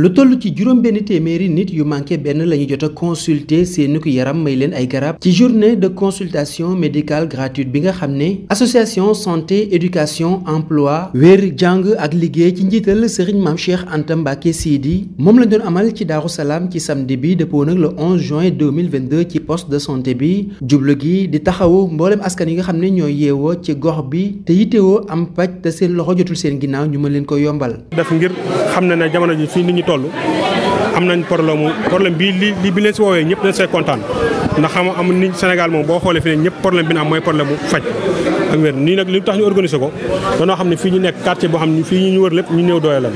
lu toll ci juróom benn téeméeri nit yu manqué benn la ñu jot a consulter seeni ku yaram may leen ay garab ci journée de consultation médical gratuite bi nga xam ne association santé éducation emploi wér jàng ak liggéey ci njiital sëriñ maam Cheikh Anta Mbacke Sidi moom la doon amal ci Daaru Salaam ci samedi bi dëppoo nag le 11 juin 2022 ci poste de santé bi jublu gi di taxawu mbooleem askan yi nga xam ne ñooy yeewoo ci gox bi te yittewoo am paj te seen loxo jotul seen ginnaaw ñu mën leen ko yombal. toll am nañ problème problème bi li li bi leen si woowee ñëpp dañ see kontaan ndax xam am ni Sénégal moom boo xoolee fi ne ñëpp problème bi na am mooy problème bu faj ak wér nii nag li tax ñu organiser ko dañoo xam ne fii ñu nekk quartier boo xam ne fii ñu wër lépp ñu néew doole la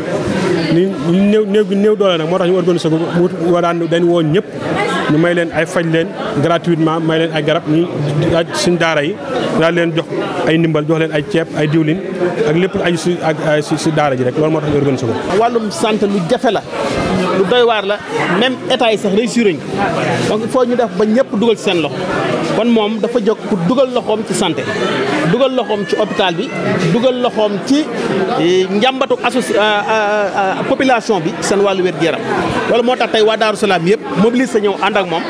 ni néew néew gi néew doole nag moo tax ñu organisé ko a daan woo ñëpp ñu may leen ay faj leen gratuitement may leen ay garab ñu aj suñ daara yi daal leen jox ay nimbal jox leen ay ceeb ay diwlin ak lépp aju si ak si daara ji rek loolu moo tax ñu organisé ko wàllum santé lu jafe la lu doy la même état yi sax réussir ñu donc il faut ñu def ba ñëpp dugal ci seen loxo kon moom dafa jóg pour dugal loxoom ci santé dugal loxoom ci hôpital bi dugal loxoom ci njàmbatu associ euh, euh, euh, population bi seen wàllu wér-gu-yaram loolu moo tax tey waa Daaru Salaam yëpp mobilise sa ñëw ànd ak moom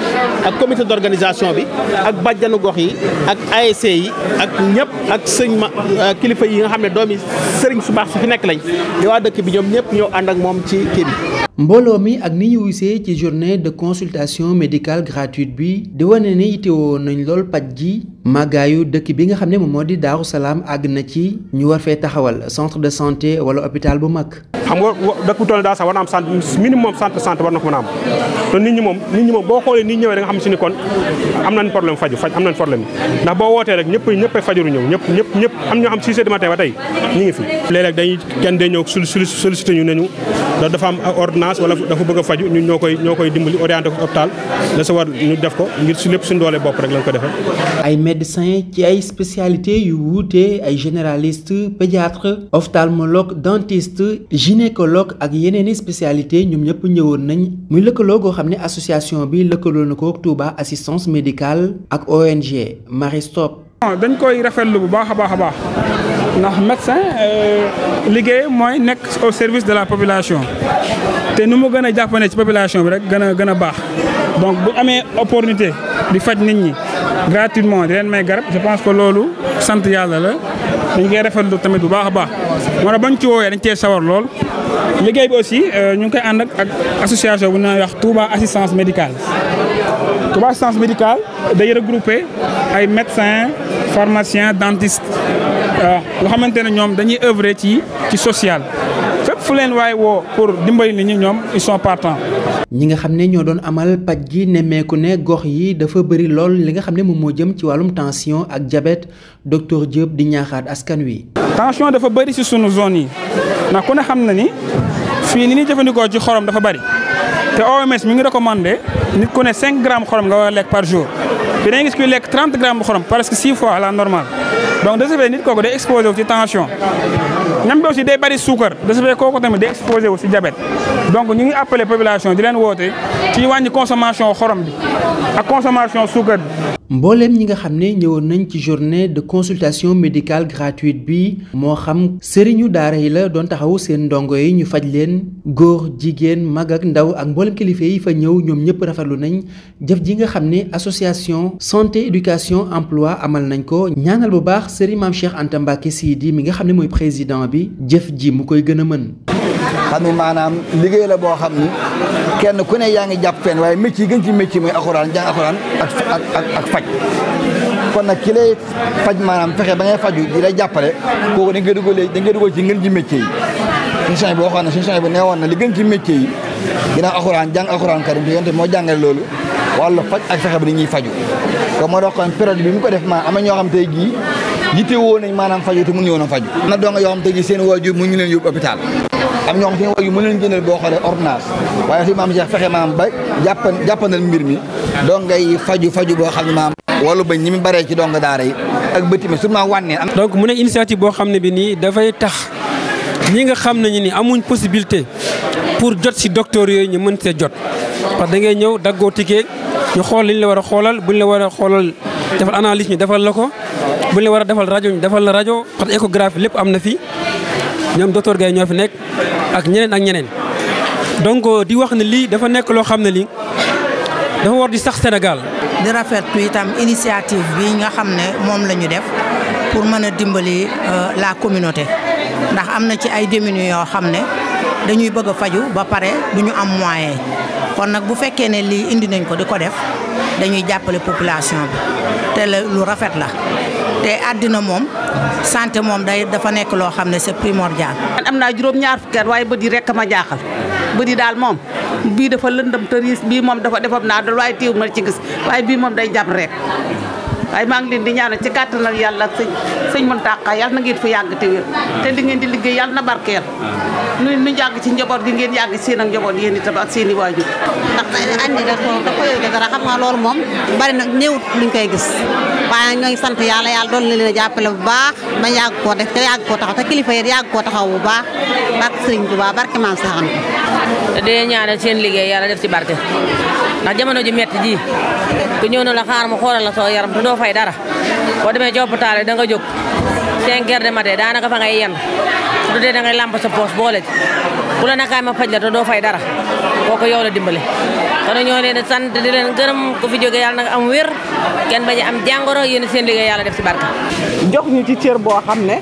ak comité d'organisation bi ak bàjjanu gox yi ak ASC yi ak ñëpp ak sëñ ma kilifa yi nga xam ne doomi sëriñ su baax su fi nekk lañ di waa dëkk bi ñoom ñëpp ñëw ànd ak ci kii bi mbooloo mi ak ni ñu wuysee ci journée de consultation médicale gratuite bi di wane ne yittewoo nañu lool paj ji màggaayu dëkk bi nga xam ne moom moo di Daaru Salaam àgg na ci ñu war fee taxawal centre de santé wala hôpital bu mag. xam nga dëkk bu toll daa sax war na am centre minimum centre na ko a am ñi moom nit ñi moom boo xoolee nit ñëwee da nga si ni kon am nañ problème faju faj am nañ problème ndax boo wootee rek ñëpp ñëpp ay fajuru ñëw ñëpp ñëpp ñëpp am ñoo xam 6 heures du matin ba tey ñu ngi fi. léeg-léeg dañuy ñu ne ñu dafa am ordonnance wala dafa bëgg a faju ñun koy ñoo koy dimbali orienté ko hôpital la sa ñu def ko ngir su lépp suñu doolee bopp rek lañ ko defee médecins ci ay spécialité yu wuute ay généraliste pédiatre ophtalmologue dentiste gynécologue ak yeneeni spécialité ñoom ñëpp ñëwoon nañ muy lëkkaloo goo xam ne association bi lëkkaloo na ko Touba assistance médical ak ONG Marie Stop dañ koy rafetlu bu baax a baax a baax ndax médecin euh, liggéey mooy nekk au service de la population te nu mu gën a ci population bi rek gën a gën a baax donc bu amee opportunité di faj nit ñi gratuitement di leen may garab je pense que loolu sant yàlla la dañ koy rafetlu tamit bu baax a baax. moo tax bañ ci woowee dañ cee sawar lool liggéey bi aussi euh, ñu ngi koy ànd ak association bu ñuy wax Touba assistance médicale. Touba assistance médicale day regrouper ay médecins pharmaciens dentistes nga xamante ne ñoom dañuy œuvrer ci ci social fépp fu leen waaye woo pour dimbali nit ñi ñoom ils sont partants. ñi nga xam ne ñoo doon amal paj gi nemmeeku ne gox yi dafa bëri lool li nga xam ne moom moo jëm ci wàllum tension ak jabet docteur Diop di ñaaxaat askan wi. tension dafa bëri si sunu zone yi ndax ku ne xam na ni fii ni ñuy jëfandikoo ci xorom dafa bëri te OMS mi ngi recommandé nit ku ne 5 xorom nga war a lekk par jour te dañuy gis kuy lekk 30 grammes bu xorom presque 6 fois la normale donc de ce fait nit kooku day exposé wu ci tension ñam bi aussi day bëri suukar de ce fait kooku tamit day exposé wu si diabète. donc ñu ngi appelé population di leen woote ci wàññi consommation xorom bi ak consommation suukar bi. mbooleem ñi nga xam ne ñëwoon nañ ci journée de consultation médicale gratuite bi moo xam sëriñu daara yi la doon taxaw seen ndongo yi ñu faj leen góor jigéen mag ak ndaw ak mbooleem kilifa yi fa ñëw ñoom ñëpp rafetlu nañ jëf ji nga xam ne association santé éducation emploi amal nañ ko ñaanal bu baax sëriñ maam Cheikh Anta Mbacké Sidi mi nga xam ne mooy président bi jëf ji mu koy gën a mën. xam ne maanaam liggéey la boo xam ni kenn ku ne yaa ngi jàpp fenn waaye métier yi gën ci métier mooy alxuraan jàng alxuraan ak ak ak faj kon na ki lay faj maanaam fexe ba ngay faju di lay jàppale kooku dañ koy dugalee dañ koy dugal ci ngën ci métier yi suñu change bi waxoon na suñu change bi nee woon na li gën ci métier yi ginnaaw alxuraan jàng alxuraan karim te yonte moo jàngale loolu wàllu faj ak fexe ba ni ñuy faju kon moo dox kon période bi mu ko def maa ama ñoo xam tey jii yitte woo nañ maanaam faju te mënuñu woon a faju na doo nga yoo xam te ji seen waajur mu ñu leen yóbbu hôpital am ñoo xam seen waajur mu leen jëndal boo xoolee ordonnance waaye si maam Cheikh fexe maam ba jàppan jàppanal mbir mi doo ngay faju faju boo xam ne maam walu ba ñi mu baree ci dong daara yi ak bëti mi su surtout wànneen donc mu ne initiative boo xam ne bi nii dafay tax ñi nga xam nañu ni amuñ possibilité pour jot si docteur yooyu ñu mën see jot parce da ngay ñëw daggoo ticket ñu xool li la war a xoolal bu ñu la war a xoolal defal analyse ñu defal la ko bu ñu war a defal rajo ñu defal la rajo parce que lépp am na fi ñoom docteur Gaye ñoo fi nekk ak ñeneen ak ñeneen. donc euh, di wax ne lii dafa nekk loo xam ne lii dafa war di sax Sénégal. di rafetlu itam initiative bii nga xam ne moom la ñu def pour mën a dimbali euh, la communauté ndax am na ci ay démunis yoo xam ne dañuy bëgg a faju ba pare du ñu am moyen kon nag bu fekkee ne lii indi nañ ko di ko def. dañuy jàppale population bi te lu rafet la te àddina moom sante moom day dafa nekk loo xam ne c'est primordial. man am naa juróom-ñaar fukki at waaye bët yi rek ma jaaxal bët yi daal moom bii dafa lëndëm te bii moom dafa defoon naa dal waaye téew ma ci gis waaye bii moom day jàpp rek. waaye maa ngi leen di ñaanal ci kàttan ak yàlla sëñ sëñ Mountakha yàlla na ngeen fa yàgg te wér te li ngeen di liggéey yàlla na barkeel nu nu yàgg ci njaboot gi ngeen yàgg seen ak njaboot yéen itam ak seen i waajur andi da ko da ko yooyu dara xam nga loolu moom bari na néewut luñ koy gis waaye nag ñoo ngi sant yàlla yàlla doon na leen a jàppale bu baax ba yàgg koo def te yàgg koo taxaw te kilifa yi yàgg koo taxaw bu baax barke Sëriñ Tuubaa barke maam saxam te de ñaanal seen liggéey yàlla def si barke ndax jamono ji metti ji ku ñëw na la xaar mu xoolal la soo yaram te doo fay dara boo demee ci hôpital da nga jóg cinq heures de daanaka fa ngay yenn su dee da ngay làmp sa poos boole ci ku la nakaay ma doo fay dara ko yow la dimbale kon ñoo leen sant di leen gërëm ku fi jóge yàlla nag am wér kenn bañ am jàngoro yéen seen liggéey yàlla def si barka jox ñu ci cër boo xam ne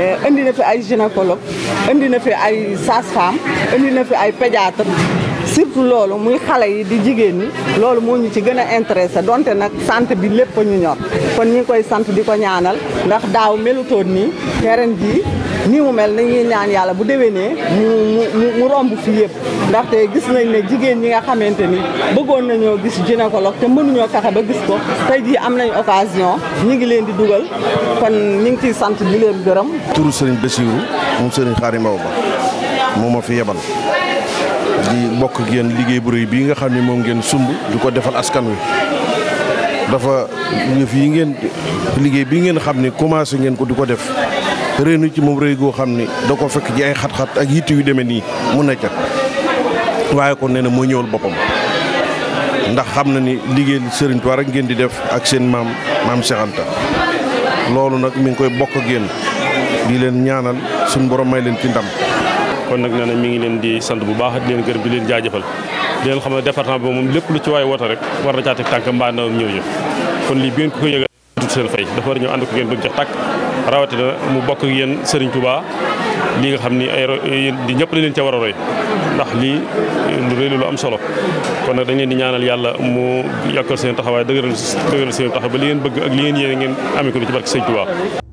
eh, indi na fi ay gynécologue indi na fi ay sage-femme indi na fi ay pédiatre surtout loolu muy xale yi di jigéen ñi loolu moo ñu ci gën a intéressé donte nag sant bi lépp ñu ñor kon ñu koy sant di ko ñaanal ndax daaw melutoon nii terrain ji nii mu mel nañuy ñaan yàlla bu dewee mu mu mu romb yëpp ndaxte gis nañ ne jigéen ñi nga xamante ni bëggoon nañoo gis gynécologue te mënuñoo fexe ba gis ko tey jii am nañ occasion ñi ngi leen di dugal kon ñi ngi ciy sant di leen gërëm. turu sëriñ Bassirou moom sëriñ Xaari Mbaw ba moo ma fi yebal di bokk ak liggéey bu rëy bii nga xam ni moom ngeen sumb di ko defal askan wi dafa yëf yi ngeen liggéey bii ngeen xam ne commencé ngeen ko di ko def. réenu ci moom rëy goo xam ne da ko fekk ci ay xat-xat ak yitte yu demee nii mu nekk waaye kon nee na mooy ñëwal boppam ndax xam na ni liggéey Serigne Touba rek ngeen di def ak seen maam maam Cheikh Anta loolu nag mi ngi koy bokk ak yéen di leen ñaanal suñu borom may leen ci ndam. kon nag nee na mi ngi leen di sant bu baax di leen gërëm di leen jaajëfal di leen xam na département bi moom lépp lu ci waay woote rek war na caa teg tànk mbaa ndawam ñëw ñu kon lii bi ngeen ko koy yëgal seen fay dafa war ñëw ànd ko ngeen bëgg jox tàkk rawatina mu bokk ak yéen Serigne Touba. lii nga xam ni ay di ñëpp dañ leen ca war a roy ndax lii eh, lu rëy lu am solo kon nag dañ leen di ñaanal yàlla mu yokkal seen taxawaay dëgëral dëgëral seen ba li ngeen bëgg ak ko ci barke Sëñ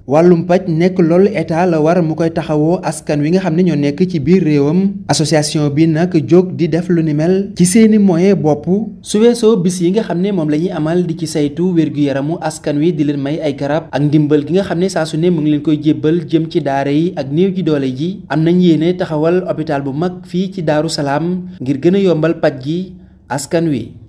wàllum paj nekk loolu état la war mu koy taxawoo askan wi nga xam ne ñoo nekk ci biir réewam association bi nag jóg di def lu ni mel ci seeni moyen bopp su weesoo bis yi nga xam ne moom la ñuy amal di ci saytu wér yaramu askan wi di leen may ay garab ak ndimbal gi nga doole ji am na yéene taxawal hôpital bu mag fii ci Daaru Salaam ngir gën a yombal paj gi askan wi